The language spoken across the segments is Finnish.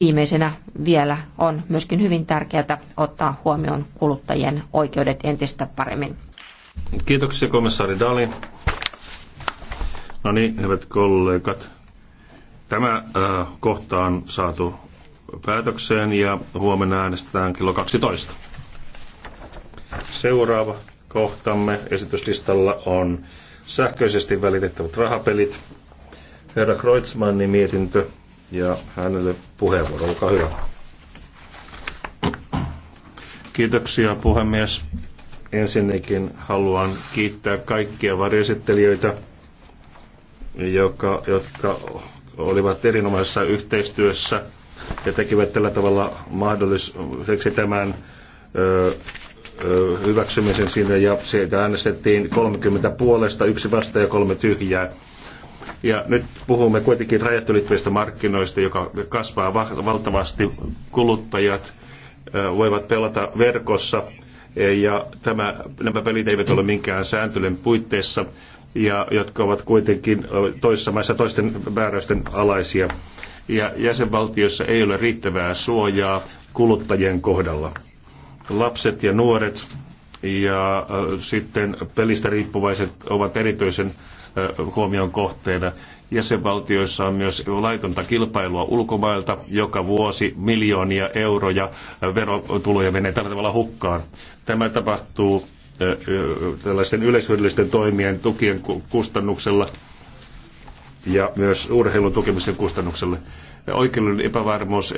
Viimeisenä vielä on myöskin hyvin tärkeää ottaa huomioon kuluttajien oikeudet entistä paremmin. Kiitoksia komissaari Dali. No niin, hyvät kollegat. Tämä äh, kohta on saatu päätökseen ja huomenna äänestetään kello 12. Seuraava kohtamme esityslistalla on sähköisesti välitettävät rahapelit. Herra Kreutzmannin mietintö ja hänelle puheenvuoro. Olkaa hyvä. Kiitoksia puhemies. Ensinnäkin haluan kiittää kaikkia varjesittelijöitä, joka, jotka olivat erinomaisessa yhteistyössä ja tekivät tällä tavalla mahdolliseksi tämän ö, ö, hyväksymisen sinne ja siitä äänestettiin 30 puolesta, yksi vasta ja kolme tyhjää. Ja nyt puhumme kuitenkin rajat ylittävistä markkinoista, joka kasvaa valtavasti. Kuluttajat voivat pelata verkossa e, ja tämä, nämä pelit eivät ole minkään sääntelyn puitteissa, ja, jotka ovat kuitenkin toisessa maissa toisten määräysten alaisia. Ja jäsenvaltiossa ei ole riittävää suojaa kuluttajien kohdalla. Lapset ja nuoret ja sitten pelistä riippuvaiset ovat erityisen huomion kohteena. Jäsenvaltioissa on myös laitonta kilpailua ulkomailta. Joka vuosi miljoonia euroja verotuloja menee tällä tavalla hukkaan. Tämä tapahtuu tällaisten yleishyödyllisten toimien tukien kustannuksella ja myös urheilun tukemisen kustannuksella. Oikeudellinen epävarmuus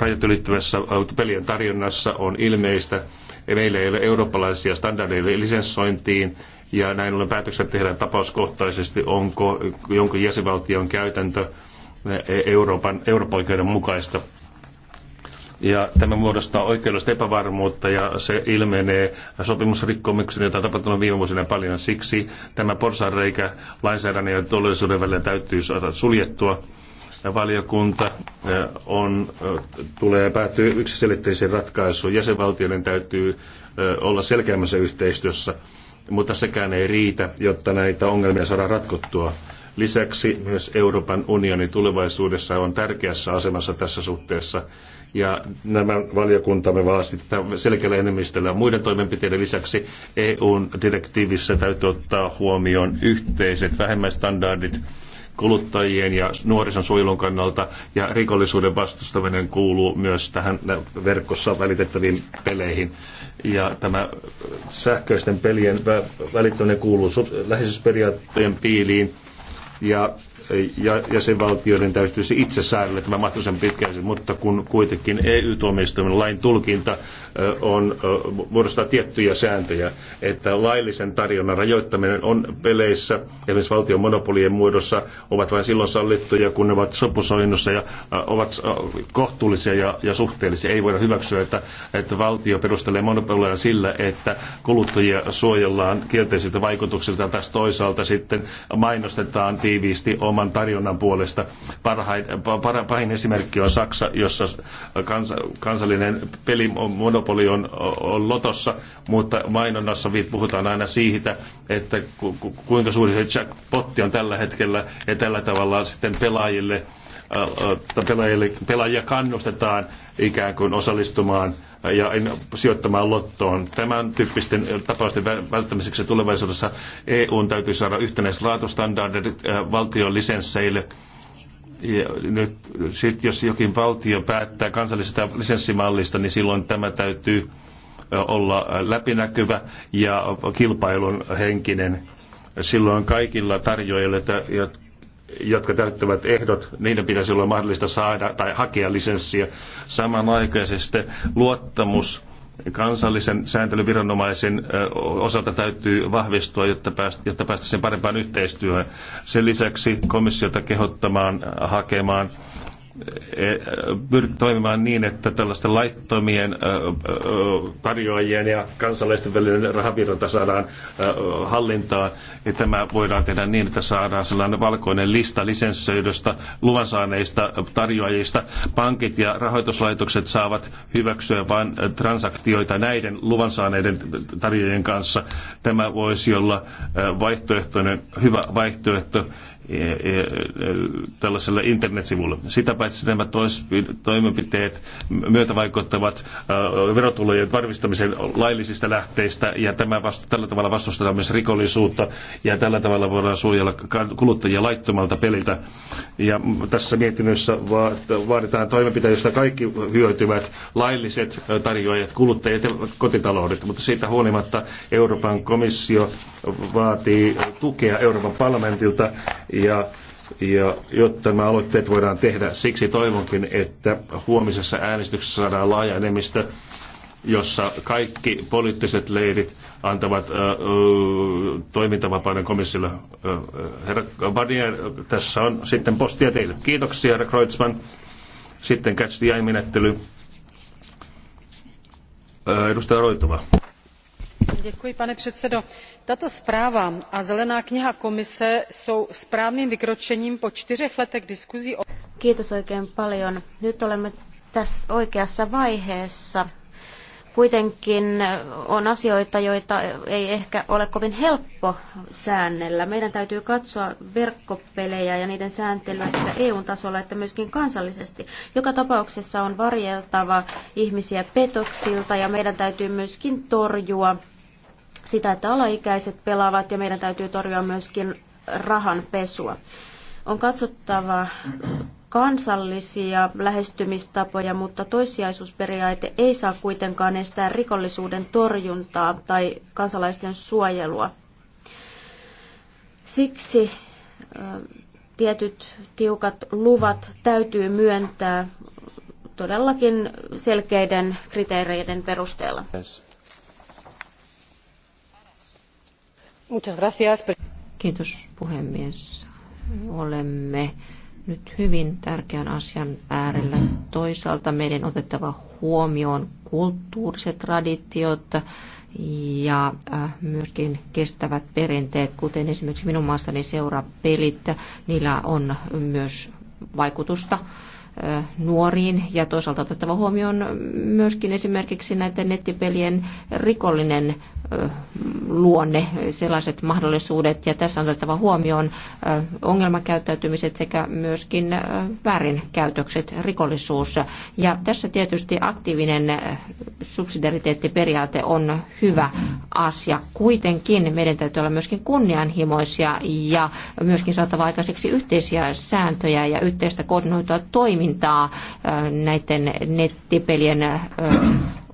rajat ylittävässä pelien tarjonnassa on ilmeistä. Meillä ei ole eurooppalaisia standardeja lisenssointiin ja näin ollen päätökset tehdään tapauskohtaisesti, onko jonkun jäsenvaltion käytäntö eh, Euroopan, Euroopan mukaista. Ja tämä muodostaa oikeudellista epävarmuutta ja se ilmenee sopimusrikkomuksen, jota on tapahtunut viime vuosina paljon. Siksi tämä porsareikä lainsäädännön ja todellisuuden välillä täytyy saada suljettua. Valiokunta eh, on, eh, tulee päätyä yksiselitteisiin ratkaisuun. Jäsenvaltioiden täytyy olla selkeämmässä yhteistyössä mutta sekään ei riitä, jotta näitä ongelmia saadaan ratkottua. Lisäksi myös Euroopan unioni tulevaisuudessa on tärkeässä asemassa tässä suhteessa. Ja nämä valiokuntamme vaasti tätä selkeällä enemmistöllä muiden toimenpiteiden lisäksi EUn direktiivissä täytyy ottaa huomioon yhteiset vähemmästandardit, standardit kuluttajien ja nuorison suojelun kannalta ja rikollisuuden vastustaminen kuuluu myös tähän verkossa välitettäviin peleihin. Ja tämä sähköisten pelien välittäminen kuuluu läheisyysperiaatteen piiliin ja ja jäsenvaltioiden täytyisi itse säädellä tämä mahdollisen pitkäisen, mutta kun kuitenkin EU-tuomioistuimen lain tulkinta on muodostaa tiettyjä sääntöjä, että laillisen tarjonnan rajoittaminen on peleissä, esimerkiksi valtion monopolien muodossa, ovat vain silloin sallittuja, kun ne ovat sopusoinnussa ja ovat kohtuullisia ja, ja suhteellisia. Ei voida hyväksyä, että, että valtio perustelee monopoleja sillä, että kuluttajia suojellaan kielteisiltä vaikutuksilta taas toisaalta sitten mainostetaan tiiviisti oman tarjonnan puolesta. Parhain, pahin esimerkki on Saksa, jossa kansa, kansallinen pelimonopoli monopoli on, on lotossa, mutta mainonnassa puhutaan aina siitä, että kuinka suuri se jackpotti on tällä hetkellä ja tällä tavalla sitten pelaajille, äh, äh, tai pelaajille pelaajia kannustetaan ikään kuin osallistumaan ja sijoittamaan lottoon. Tämän tyyppisten äh, tapausten välttämiseksi tulevaisuudessa EUn täytyy saada yhtenäiset laatustandardit valtion lisensseille – ja nyt sit, jos jokin valtio päättää kansallisesta lisenssimallista, niin silloin tämä täytyy olla läpinäkyvä ja kilpailun henkinen. Silloin kaikilla tarjoajilla, jotka täyttävät ehdot, niiden pitäisi olla mahdollista saada tai hakea lisenssiä. Samanaikaisesti luottamus kansallisen sääntelyviranomaisen osalta täytyy vahvistua, jotta, päästä, jotta päästäisiin parempaan yhteistyöhön. Sen lisäksi komissiota kehottamaan hakemaan E, e, toimimaan niin, että tällaisten laittomien tarjoajien ja kansalaisten välinen rahavirta saadaan hallintaan. Ja tämä voidaan tehdä niin, että saadaan sellainen valkoinen lista lisenssöidöstä, luvansaaneista tarjoajista. Pankit ja rahoituslaitokset saavat hyväksyä vain transaktioita näiden luvansaaneiden tarjoajien kanssa. Tämä voisi olla vaihtoehtoinen, hyvä vaihtoehto E, e, e, tällaiselle internetsivulle. Sitä paitsi nämä toimenpiteet myötävaikuttavat verotulojen varmistamisen laillisista lähteistä ja tämä vastu, tällä tavalla vastustetaan myös rikollisuutta ja tällä tavalla voidaan suojella kuluttajia laittomalta peliltä. Ja tässä mietinnössä vaaditaan toimenpiteitä, joista kaikki hyötyvät lailliset tarjoajat, kuluttajat ja kotitaloudet, mutta siitä huolimatta Euroopan komissio vaatii tukea Euroopan parlamentilta ja, ja jotta nämä aloitteet voidaan tehdä. Siksi toivonkin, että huomisessa äänestyksessä saadaan laaja enemmistö, jossa kaikki poliittiset leirit antavat äh, toimintavapauden komissiolle. Herra Barnier, tässä on sitten postia teille. Kiitoksia, herra Kreutzmann. Sitten catch the eye-menettely. Edustaja Roitova pane předsedající tato zpráva a zelená kniha komise jsou správným vykročením po čtyřech letech diskusí o. kiitos oikein paljon. nyt olemme oikeassa vaiheessa. Kuitenkin on asioita, joita ei ehkä ole kovin helppo säännellä. Meidän täytyy katsoa verkkopelejä ja niiden sääntelyä sekä EU-tasolla että myöskin kansallisesti. Joka tapauksessa on varjeltava ihmisiä petoksilta ja meidän täytyy myöskin torjua sitä, että alaikäiset pelaavat ja meidän täytyy torjua myöskin rahan pesua. On katsottava kansallisia lähestymistapoja, mutta toissijaisuusperiaate ei saa kuitenkaan estää rikollisuuden torjuntaa tai kansalaisten suojelua. Siksi tietyt tiukat luvat täytyy myöntää todellakin selkeiden kriteereiden perusteella. Kiitos puhemies. Olemme nyt hyvin tärkeän asian äärellä. Toisaalta meidän otettava huomioon kulttuuriset traditiot ja äh, myöskin kestävät perinteet, kuten esimerkiksi minun maassani seurapelit, niillä on myös vaikutusta nuoriin ja toisaalta otettava huomioon myöskin esimerkiksi näiden nettipelien rikollinen luonne, sellaiset mahdollisuudet ja tässä on otettava huomioon ongelmakäyttäytymiset sekä myöskin väärinkäytökset, rikollisuus. Ja tässä tietysti aktiivinen subsidiariteettiperiaate on hyvä asia. Kuitenkin meidän täytyy olla myöskin kunnianhimoisia ja myöskin saatava aikaiseksi yhteisiä sääntöjä ja yhteistä koordinoitua toimintaa toimintaa näiden nettipelien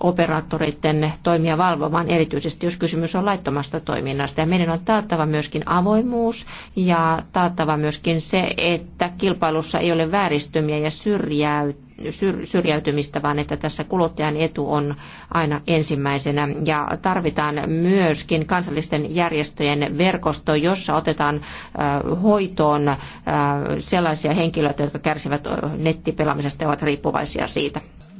operaattoreiden toimia valvomaan, erityisesti jos kysymys on laittomasta toiminnasta. Ja meidän on taattava myöskin avoimuus ja taattava myöskin se, että kilpailussa ei ole vääristymiä ja syrjäyt syrjäytymistä, vaan että tässä kuluttajan etu on aina ensimmäisenä. Ja tarvitaan myöskin kansallisten järjestöjen verkosto, jossa otetaan hoitoon sellaisia henkilöitä, jotka kärsivät nettipelaamisesta ja ovat riippuvaisia siitä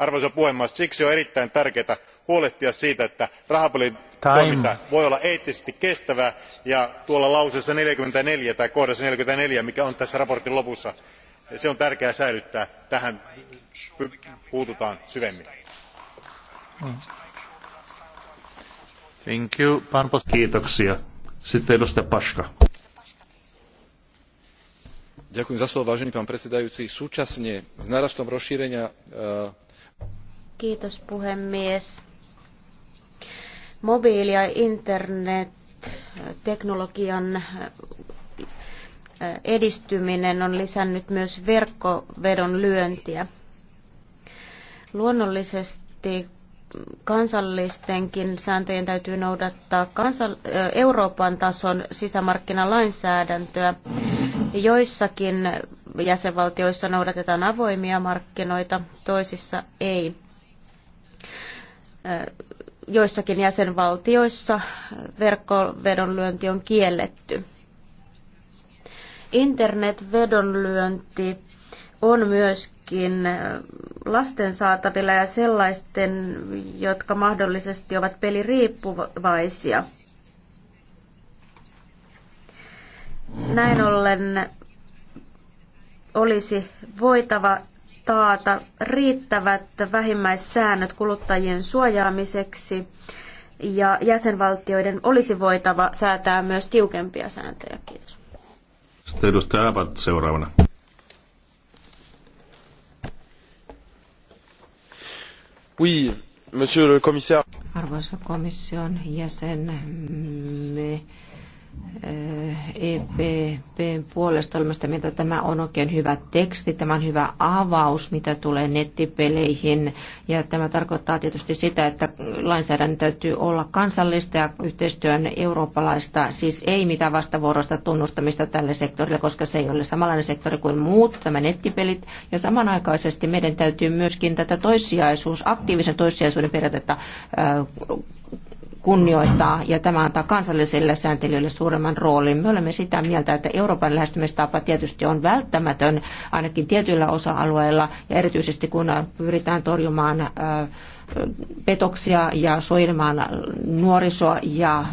arvoisa puhemies siksi on erittäin tärkeää huolehtia siitä että rahapelitoiminta voi olla eettisesti kestävää ja lauseessa neljäkymmentäneljä tai kohdassa neljäkymmentäneljä mikä on tässä mietinnön lopussa se on tärkeää säilyttää. tähän puututaan syvemmin. kiitoksia. sitten súčasne s nárastom rozšírenia e, Kiitos puhemies. Mobiili- ja internetteknologian e, edistyminen on lisännyt myös verkkovedonlyöntiä. luonnollisesti verkkovedon lyöntiä. Luonnollisesti kansallistenkin sääntöjen täytyy noudattaa kansal- Euroopan tason sisämarkkinalainsäädäntöä. Joissakin jäsenvaltioissa noudatetaan avoimia markkinoita, toisissa ei. Joissakin jäsenvaltioissa verkkovedonlyönti on kielletty. Internetvedonlyönti on myöskin lasten saatavilla ja sellaisten, jotka mahdollisesti ovat peliriippuvaisia. Näin ollen olisi voitava taata riittävät vähimmäissäännöt kuluttajien suojaamiseksi ja jäsenvaltioiden olisi voitava säätää myös tiukempia sääntöjä. Kiitos. Sitten edustaja Abad seuraavana. Oui, monsieur le commissaire. Arvoisa komission jäsen, me EPPn puolesta olemme sitä mieltä, että tämä on oikein hyvä teksti, tämä on hyvä avaus, mitä tulee nettipeleihin. Ja tämä tarkoittaa tietysti sitä, että lainsäädännön täytyy olla kansallista ja yhteistyön eurooppalaista, siis ei mitään vastavuoroista tunnustamista tälle sektorille, koska se ei ole samanlainen sektori kuin muut, tämä nettipelit. Ja samanaikaisesti meidän täytyy myöskin tätä toissijaisuus, aktiivisen toissijaisuuden periaatetta kunnioittaa ja tämä antaa kansalliselle sääntelylle suuremman roolin. Me olemme sitä mieltä, että Euroopan lähestymistapa tietysti on välttämätön ainakin tietyillä osa-alueilla ja erityisesti kun pyritään torjumaan äh, petoksia ja suojelemaan nuorisoa ja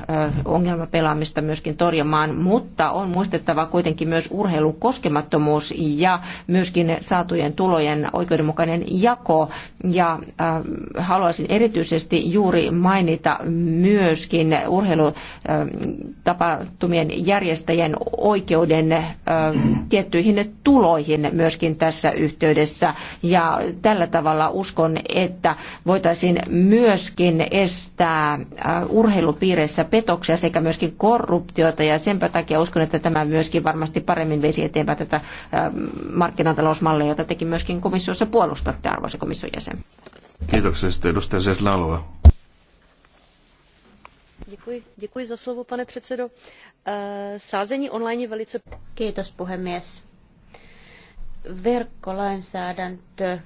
ongelmapelaamista myöskin torjumaan, mutta on muistettava kuitenkin myös urheilun koskemattomuus ja myöskin saatujen tulojen oikeudenmukainen jako. Ja haluaisin erityisesti juuri mainita myöskin urheilutapahtumien järjestäjien oikeuden tiettyihin tuloihin myöskin tässä yhteydessä. Ja tällä tavalla uskon, että voitaisiin voitaisiin myöskin estää äh, urheilupiireissä petoksia sekä myöskin korruptiota ja senpä takia uskon, että tämä myöskin varmasti paremmin veisi eteenpäin tätä äh, markkinatalousmallia, jota tekin myöskin komissiossa puolustatte, arvoisa komission jäsen. Kiitoksia sitten edustaja Seslalova. Děkuji, za slovo, pane předsedo. Äh, sázení online velice... Kiitos puhemies. Verkkolainsäädäntö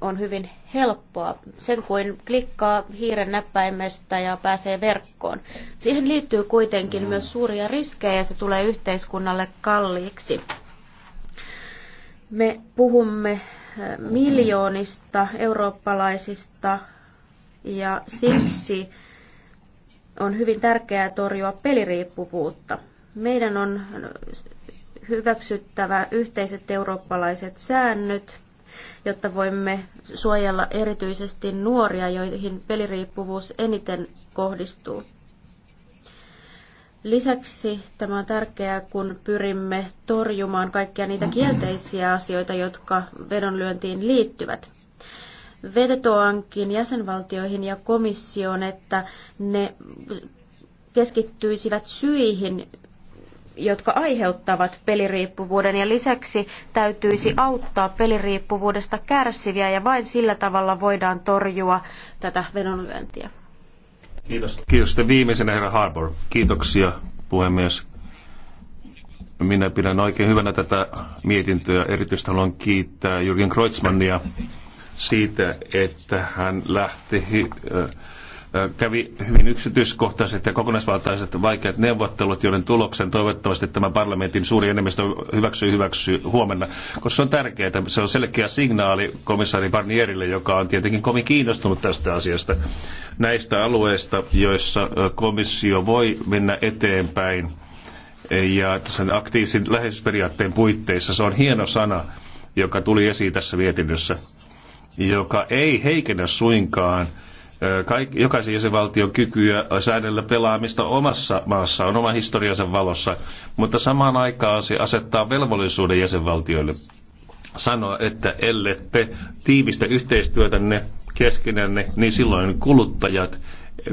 on hyvin helppoa. Sen kuin klikkaa hiiren näppäimestä ja pääsee verkkoon. Siihen liittyy kuitenkin myös suuria riskejä ja se tulee yhteiskunnalle kalliiksi. Me puhumme eh, miljoonista eurooppalaisista ja siksi on hyvin tärkeää torjua peliriippuvuutta. Meidän on hyväksyttävä yhteiset eurooppalaiset säännöt – jotta voimme suojella erityisesti nuoria, joihin peliriippuvuus eniten kohdistuu. Lisäksi tämä on tärkeää, kun pyrimme torjumaan kaikkia niitä kielteisiä asioita, jotka vedonlyöntiin liittyvät. Vetetoankin jäsenvaltioihin ja komissioon, että ne keskittyisivät syihin, jotka aiheuttavat peliriippuvuuden ja lisäksi täytyisi auttaa peliriippuvuudesta kärsiviä ja vain sillä tavalla voidaan torjua tätä vedonlyöntiä. Kiitos. Kiitos. Sitten viimeisenä herra Harbour. Kiitoksia puhemies. Minä pidän oikein hyvänä tätä mietintöä. Erityisesti haluan kiittää Jürgen Kreutzmannia siitä, että hän lähti kävi hyvin yksityiskohtaiset ja kokonaisvaltaiset vaikeat neuvottelut, joiden tuloksen toivottavasti tämä parlamentin suuri enemmistö hyväksyy, hyväksyy huomenna, koska se on tärkeää. Se on selkeä signaali komissaari Barnierille, joka on tietenkin kovin kiinnostunut tästä asiasta, näistä alueista, joissa komissio voi mennä eteenpäin ja sen aktiivisen läheisyysperiaatteen puitteissa. Se on hieno sana, joka tuli esiin tässä mietinnössä, joka ei heikennä suinkaan jokaisen jäsenvaltion kykyä säädellä pelaamista omassa maassa on oma historiansa valossa, mutta samaan aikaan se asettaa velvollisuuden jäsenvaltioille sanoa, että ellette tiivistä yhteistyötänne keskenänne, niin silloin kuluttajat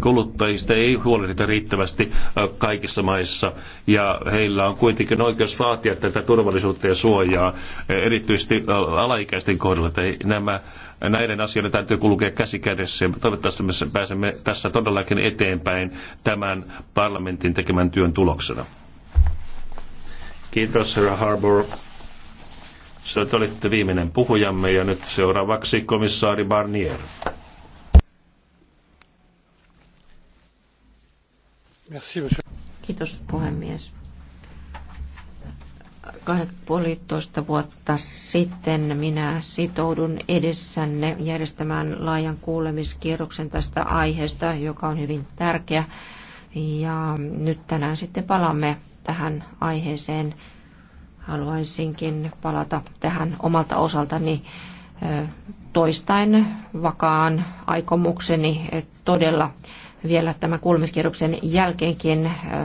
kuluttajista ei huolehdita riittävästi äh, kaikissa maissa ja heillä on kuitenkin oikeus vaatia tätä turvallisuutta ja suojaa, äh, erityisesti alaikäisten kohdalla. Nämä, näiden asioiden täytyy kulkea käsi kädessä ja toivottavasti me pääsemme tässä todellakin eteenpäin tämän parlamentin tekemän työn tuloksena. Kiitos, herra Harbour. Se olitte viimeinen puhujamme ja nyt seuraavaksi komissaari Barnier. Kiitos puhemies. puolitoista vuotta sitten minä sitoudun edessänne järjestämään laajan kuulemiskierroksen tästä aiheesta, joka on hyvin tärkeä. Ja nyt tänään sitten palaamme tähän aiheeseen. Haluaisinkin palata tähän omalta osaltani toistain vakaan aikomukseni todella vielä tämän kuulemiskierroksen jälkeenkin äh,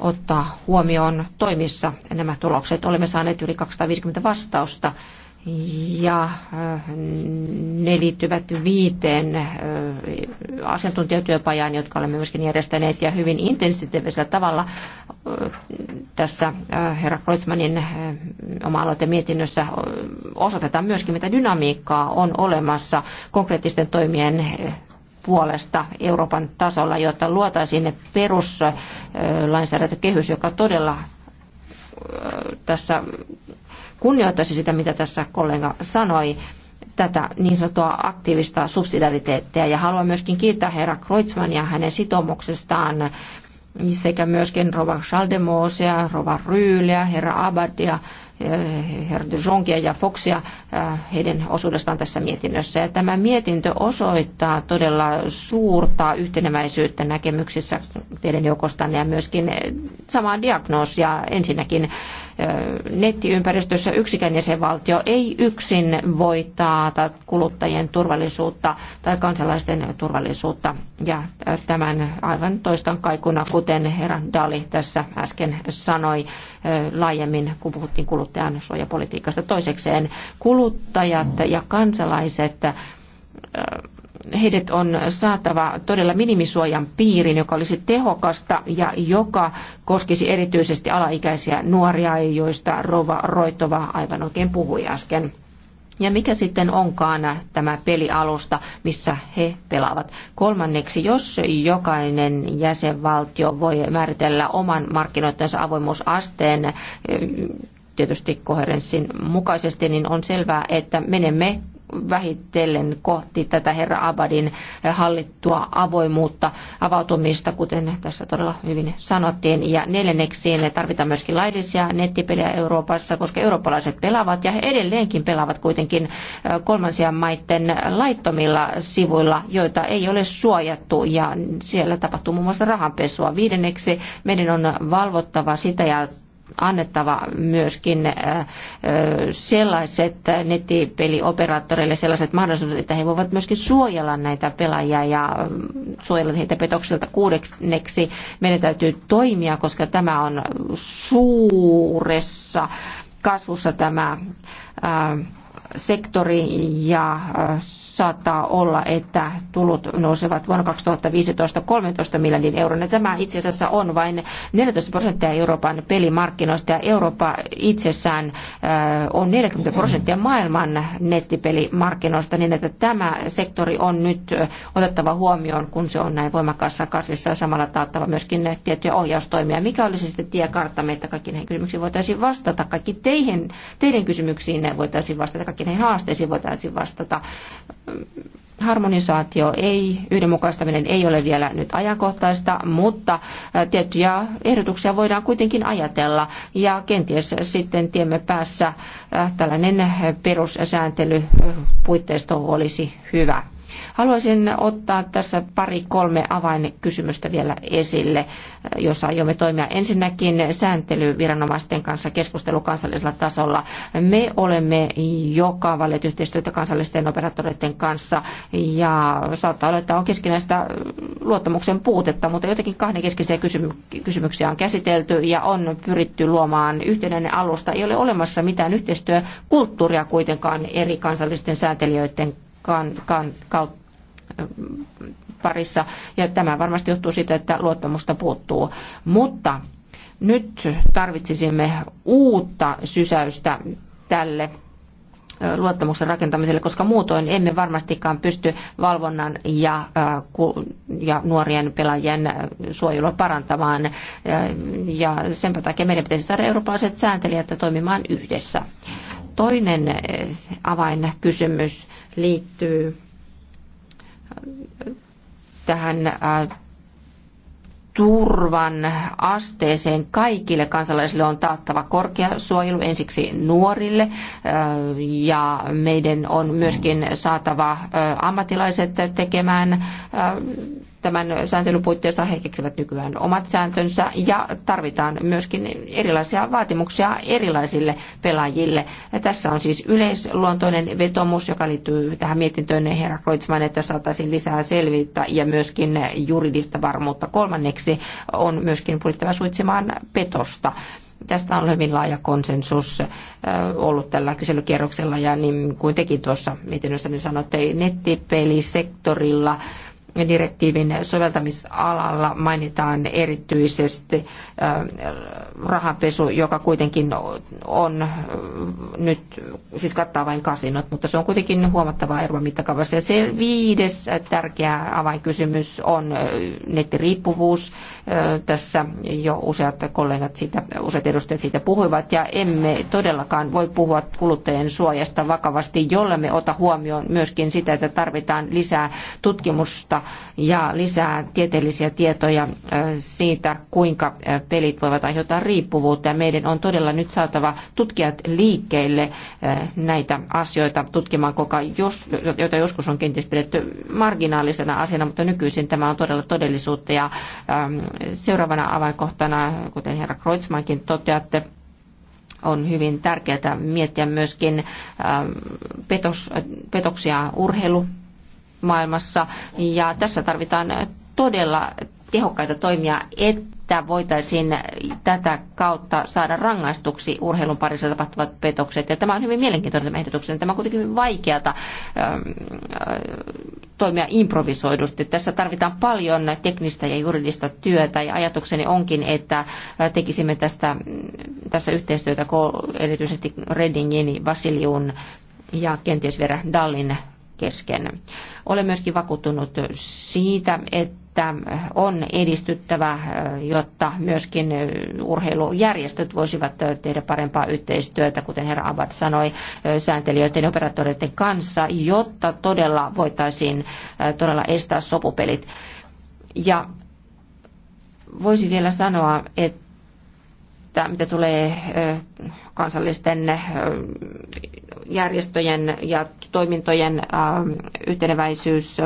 ottaa huomioon toimissa nämä tulokset. Olemme saaneet yli 250 vastausta ja äh, ne liittyvät viiteen äh, asiantuntijatyöpajaan, jotka olemme myöskin järjestäneet ja hyvin intensiivisellä tavalla tässä herra Kreutzmannin oma mietinnössä osoitetaan myöskin, mitä dynamiikkaa on olemassa konkreettisten toimien puolesta Euroopan tasolla, jotta luotaisiin ne peruslainsäädäntökehys, joka todella tässä kunnioittaisi sitä, mitä tässä kollega sanoi, tätä niin sanottua aktiivista subsidiariteettia. Ja haluan myöskin kiittää herra Kreutzmannia hänen sitoumuksestaan sekä myöskin Rova Schaldemosea, Rova Ryyliä, herra Abadia, Eh, herra Dujongia ja Foxia eh, heidän osuudestaan tässä mietinnössä. Ja tämä mietintö osoittaa todella suurta yhteneväisyyttä näkemyksissä teidän joukostanne ja myöskin eh, samaa diagnoosia ensinnäkin nettiympäristössä yksikään jäsenvaltio ei yksin voi taata kuluttajien turvallisuutta tai kansalaisten turvallisuutta. Ja tämän aivan toistan kaikuna, kuten herra Dali tässä äsken sanoi laajemmin, kun puhuttiin kuluttajan suojapolitiikasta. Toisekseen kuluttajat ja kansalaiset heidät on saatava todella minimisuojan piiriin, joka olisi tehokasta ja joka koskisi erityisesti alaikäisiä nuoria, joista Rova Roitova aivan oikein puhui äsken. Ja mikä sitten onkaan tämä pelialusta, missä he pelaavat. Kolmanneksi, jos jokainen jäsenvaltio voi määritellä oman markkinoittensa avoimuusasteen eh, tietysti koherenssin mukaisesti, niin on selvää, että menemme vähitellen kohti tätä herra Abadin eh, hallittua avoimuutta, avautumista, kuten tässä todella hyvin sanottiin. Ja neljänneksi tarvitaan myöskin laillisia nettipelejä Euroopassa, koska eurooppalaiset pelaavat ja he edelleenkin pelaavat kuitenkin eh, kolmansia maiden laittomilla sivuilla, joita ei ole suojattu ja siellä tapahtuu muun muassa rahanpesua. Viidenneksi meidän on valvottava sitä ja annettava myöskin äh, äh, sellaiset nettipelioperaattoreille sellaiset mahdollisuudet, että he voivat myöskin suojella näitä pelaajia ja mm, suojella heitä petoksilta kuudeksi. Meidän täytyy toimia, koska tämä on suuressa kasvussa tämä äh, sektori ja saattaa olla, että tulot nousevat vuonna 2015 13 miljardin euron. Ja tämä itse asiassa on vain 14 prosenttia Euroopan pelimarkkinoista ja Eurooppa itsessään äh, on 40 prosenttia maailman nettipelimarkkinoista, niin että tämä sektori on nyt äh, otettava huomioon, kun se on näin voimakkaassa kasvissa ja samalla taattava myöskin tiettyjä ohjaustoimia. Mikä olisi sitten tiekarttamme, että kaikki näihin kysymyksiin voitaisiin vastata, kaikki teihin, teidän kysymyksiin voitaisiin vastata, kaikki näihin haasteisiin voitaisiin vastata harmonisaatio ei, yhdenmukaistaminen ei ole vielä nyt ajankohtaista, mutta äh, tiettyjä ehdotuksia voidaan kuitenkin ajatella ja kenties sitten tiemme päässä äh, tällainen perussääntelypuitteisto olisi hyvä. Haluaisin ottaa tässä pari-kolme avainkysymystä vielä esille, jossa aiomme toimia. Ensinnäkin sääntelyviranomaisten kanssa keskustelu kansallisella tasolla. Me olemme joka vallet yhteistyötä kansallisten operaattoreiden kanssa ja saattaa olla, että on keskinäistä luottamuksen puutetta, mutta jotenkin kahdenkeskisiä kysymyksiä on käsitelty ja on pyritty luomaan yhtenäinen alusta. Ei ole olemassa mitään yhteistyökulttuuria kuitenkaan eri kansallisten sääntelijöiden kan, kan, kan, parissa. Ja tämä varmasti johtuu siitä, että luottamusta puuttuu. Mutta nyt tarvitsisimme uutta sysäystä tälle luottamuksen rakentamiselle, koska muutoin emme varmastikaan pysty valvonnan ja, ja nuorien pelaajien suojelua parantamaan. Ja sen takia meidän pitäisi saada eurooppalaiset sääntelijät toimimaan yhdessä. Toinen eh, avainkysymys liittyy eh, tähän eh, turvan asteeseen kaikille kansalaisille on taattava korkea suojelu ensiksi nuorille ja meidän on myöskin saatava ammattilaiset tekemään tämän sääntelyn puitteissa he keksivät nykyään omat sääntönsä ja tarvitaan myöskin erilaisia vaatimuksia erilaisille pelaajille. Ja tässä on siis yleisluontoinen vetomus, joka liittyy tähän mietintöön herra Kreutzmann, että saataisiin lisää selvyyttä ja myöskin juridista varmuutta. Kolmanneksi on myöskin pyrittävä suitsimaan petosta tästä on hyvin laaja konsensus ollut tällä kyselykierroksella ja niin kuin tekin tuossa mietinnössä niin sanotte, nettipelisektorilla direktiivin soveltamisalalla mainitaan erityisesti rahanpesu, joka kuitenkin on nyt, siis kattaa vain kasinot, mutta se on kuitenkin huomattava ero, mittakaavassa. Ja se viides tärkeä avainkysymys on nettiriippuvuus. Tässä jo useat kollegat siitä, useat edustajat siitä puhuivat, ja emme todellakaan voi puhua kuluttajien suojasta vakavasti, jollemme ota huomioon myöskin sitä, että tarvitaan lisää tutkimusta ja lisää tieteellisiä tietoja siitä, kuinka pelit voivat aiheuttaa riippuvuutta. Ja meidän on todella nyt saatava tutkijat liikkeelle näitä asioita tutkimaan, koka, jos, joita joskus on kenties pidetty marginaalisena asiana, mutta nykyisin tämä on todella todellisuutta. Ja seuraavana avainkohtana, kuten herra Kreutzmankin toteatte, on hyvin tärkeää miettiä myöskin petos, petoksia urheilu maailmassa. Ja tässä tarvitaan todella tehokkaita toimia, että voitaisiin tätä kautta saada rangaistuksi urheilun parissa tapahtuvat petokset. Ja tämä on hyvin mielenkiintoinen tämä ehdotuksen. Tämä on kuitenkin hyvin vaikeata ähm, äh, toimia improvisoidusti. Tässä tarvitaan paljon teknistä ja juridista työtä ja ajatukseni onkin, että äh, tekisimme tästä, mm, tässä yhteistyötä erityisesti Reddingin, Vasiliun ja kenties vielä Dallin kesken. Olen myöskin vakuuttunut siitä, että on edistyttävä, jotta myöskin urheilujärjestöt voisivat tehdä parempaa yhteistyötä, kuten herra Abad sanoi, sääntelijöiden ja operaattoreiden kanssa, jotta todella voitaisiin todella estää sopupelit. Ja voisi vielä sanoa, että että mitä tulee kansallisten järjestöjen ja toimintojen yhteneväisyys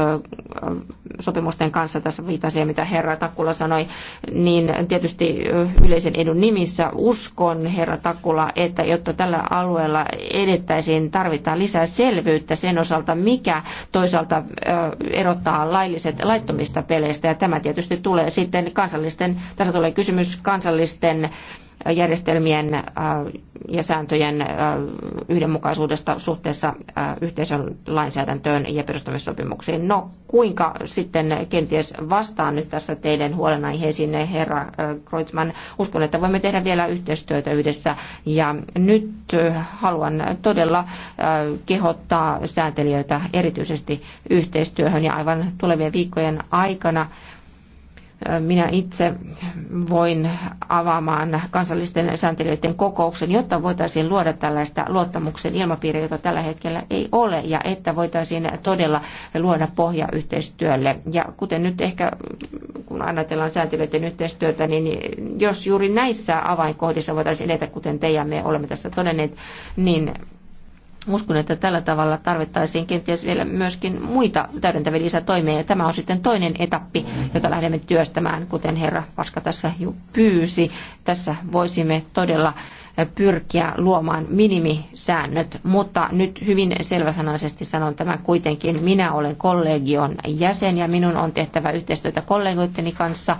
sopimusten kanssa, tässä viitan siihen, mitä herra Takkula sanoi, niin tietysti yleisen edun nimissä uskon, herra Takkula, että jotta tällä alueella edettäisiin, tarvitaan lisää selvyyttä sen osalta, mikä toisaalta erottaa lailliset laittomista peleistä, ja tämä tietysti tulee sitten kansallisten, tässä tulee kysymys kansallisten järjestelmien ja sääntöjen yhdenmukaisuudesta suhteessa yhteisön lainsäädäntöön ja perustamissopimuksiin. No, kuinka kuinka sitten kenties vastaan nyt tässä teidän huolenaiheisiin, herra äh, Kreutzmann. Uskon, että voimme tehdä vielä yhteistyötä yhdessä. Ja nyt äh, haluan todella äh, kehottaa sääntelijöitä erityisesti yhteistyöhön ja aivan tulevien viikkojen aikana minä itse voin avaamaan kansallisten sääntelyiden kokouksen, jotta voitaisiin luoda tällaista luottamuksen ilmapiiriä, jota tällä hetkellä ei ole, ja että voitaisiin todella luoda pohja yhteistyölle. Ja kuten nyt ehkä, kun ajatellaan sääntelyiden yhteistyötä, niin jos juuri näissä avainkohdissa voitaisiin edetä, kuten te ja me olemme tässä todenneet, niin uskon, että tällä tavalla tarvittaisiin kenties vielä myöskin muita täydentäviä lisätoimia. Ja tämä on sitten toinen etappi, jota lähdemme työstämään, kuten herra Paska tässä jo pyysi. Tässä voisimme todella pyrkiä luomaan minimisäännöt, mutta nyt hyvin selväsanaisesti sanon tämän kuitenkin. Minä olen kollegion jäsen ja minun on tehtävä yhteistyötä kollegoitteni kanssa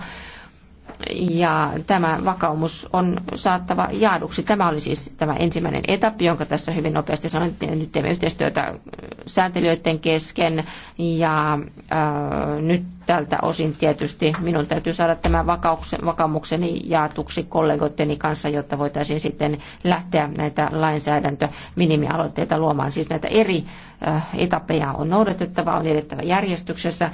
ja tämä vakaumus on saattava jaaduksi. Tämä oli siis tämä ensimmäinen etappi, jonka tässä hyvin nopeasti sanoin, että nyt teemme yhteistyötä sääntelijöiden kesken ja äh, nyt tältä osin tietysti minun täytyy saada tämä vakaumukseni jaatuksi kollegoitteni kanssa, jotta voitaisiin sitten lähteä näitä lainsäädäntöminimialoitteita luomaan. Siis näitä eri äh, etappeja on noudatettava, on edettävä järjestyksessä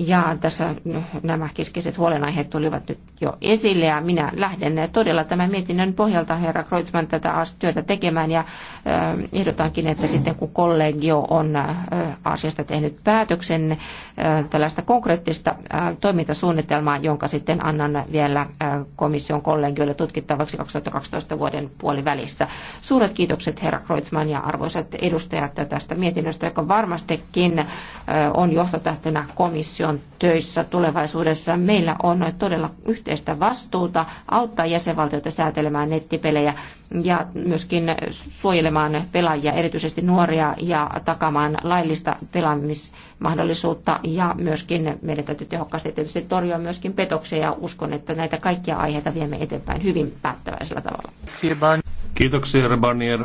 ja tässä nämä keskeiset huolenaiheet tulivat nyt jo esille ja minä lähden todella tämän mietinnön pohjalta herra Kreutzmann tätä työtä tekemään ja ehdotankin, että sitten kun kollegio on asiasta tehnyt päätöksen tällaista konkreettista toimintasuunnitelmaa, jonka sitten annan vielä komission kollegioille tutkittavaksi 2012 vuoden puolivälissä. Suuret kiitokset herra Kreutzmann ja arvoisat edustajat tästä mietinnöstä, joka varmastikin on johtotähtenä komissio komission töissä tulevaisuudessa. Meillä on todella yhteistä vastuuta auttaa jäsenvaltioita säätelemään nettipelejä ja myöskin suojelemaan pelaajia, erityisesti nuoria, ja takaamaan laillista pelaamismahdollisuutta. Ja myöskin meidän täytyy tehokkaasti tietysti torjua myöskin petoksia, ja uskon, että näitä kaikkia aiheita viemme eteenpäin hyvin päättäväisellä tavalla. Kiitoksia, herra Barnier.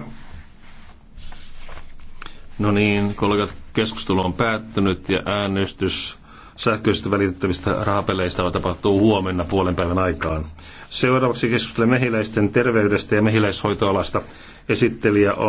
No niin, kollegat, keskustelu on päättynyt ja äänestys sähköisesti välitettävistä rahapeleistä tapahtuu huomenna puolen päivän aikaan. Seuraavaksi keskustelen mehiläisten terveydestä ja mehiläishoitoalasta. Esittelijä on